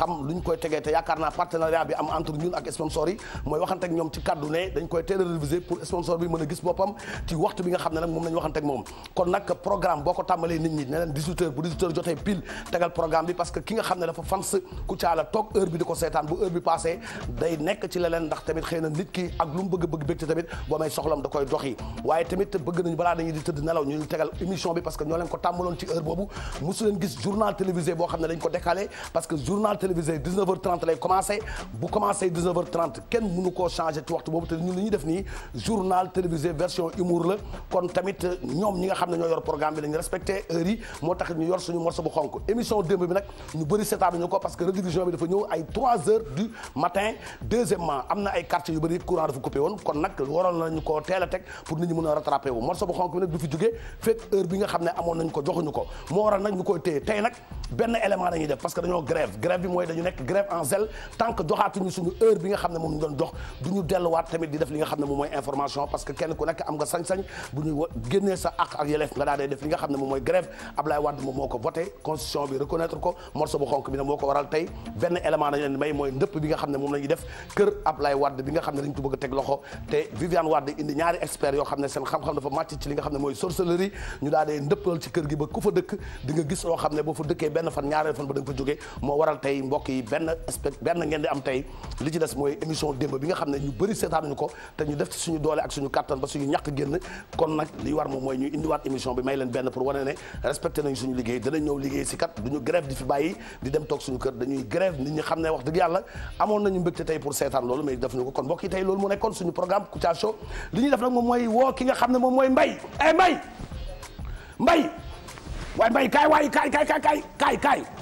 xam lu koy tegee te yaakaar naa partenariat bi am entre ñun ak sponsor yi mooy waxante ñoom ci kaddu ne dañ koy teel réviser pour sponsor bi mën a gis boppam ci waxtu bi nga xam ne nag moom la ñu moom kon nag programme boo ko tàmbalee nit ñi ne leen 18 bu 18 jotee pile tegal programme bi parce que ki nga xam ne dafa fans Kouthia la toog heure bi di ko seetaan bu heure bi passé day nekk ci leneen ndax tamit xëy na nit ki télévisé 19h30 lay commencé bu commencé 19h30 ken mënu ko changer ci waxtu bobu té ñun li ñuy def nii journal télévisé version humour la kon tamit ñom ñi nga xamné ne yor programme bi dañu respecté heure yi mo tax ñu yor suñu morceau bu xonku émission démb bi nak ñu bari seetaan nañu ko parce que rediffusion bi dafa ñëw ay 3 h du matin deuxièmement amna ay quartiers yu bari courant dafa coupé won kon nak waral nañu koo teel a teg pour nit ñi mëna rattraper wu morceau bu xonku nak du fi jógee fek heure bi nga xamné amon nañ ko joxuñu ko mo waral nak ñu koy téye tey nag benn élément lañuy def parce que dañoo grève grève bi mooy dañu nekk grève en zèle tant que doxaatuñu suñu heure bi nga xam ne moom ñu doon dox du ñu delluwaat tamit di def li nga xam ne moom mooy information parce que kenn ku nekk am nga sañ-sañ bu ñu génnee sa ak ak nga daa def li nga xam ne mooy grève Ablaye Wade moom moo ko voté constitution bi reconnaître ko morceau bu xonk bi ne moo ko waral tey benn élément nañ may mooy ndëpp bi nga xam ne moom la def kër Ablaye Wade bi nga xam ne dañ ñu tey mbokk yi benn spect benn ngeen di am tey li ci des mooy émission démb bi nga xam ne ñu bëri seetaanuñu ko te ñu def ci suñu doole ak suñu kattan ba suñu ñàkk génn kon nag li war moom mooy ñu indiwaat émission bi may leen benn pour wane ne respecté nañu suñu liggéey danañ ñëw liggéey si kat duñu grève di fi bàyyi di dem toog suñu kër dañuy grève nit ñi xam ne wax dëgg yàlla amoon nañu te tey pour seetaan loolu mais def ñu ko kon mbokk yi tey loolu mu nekkoon suñu programme Kouthia Show li ñuy def mooy woo ki nga xam ne moom mooy mbay eh mbay mbay waaye mbay kaay waay kaay kaay kaay kaay kaay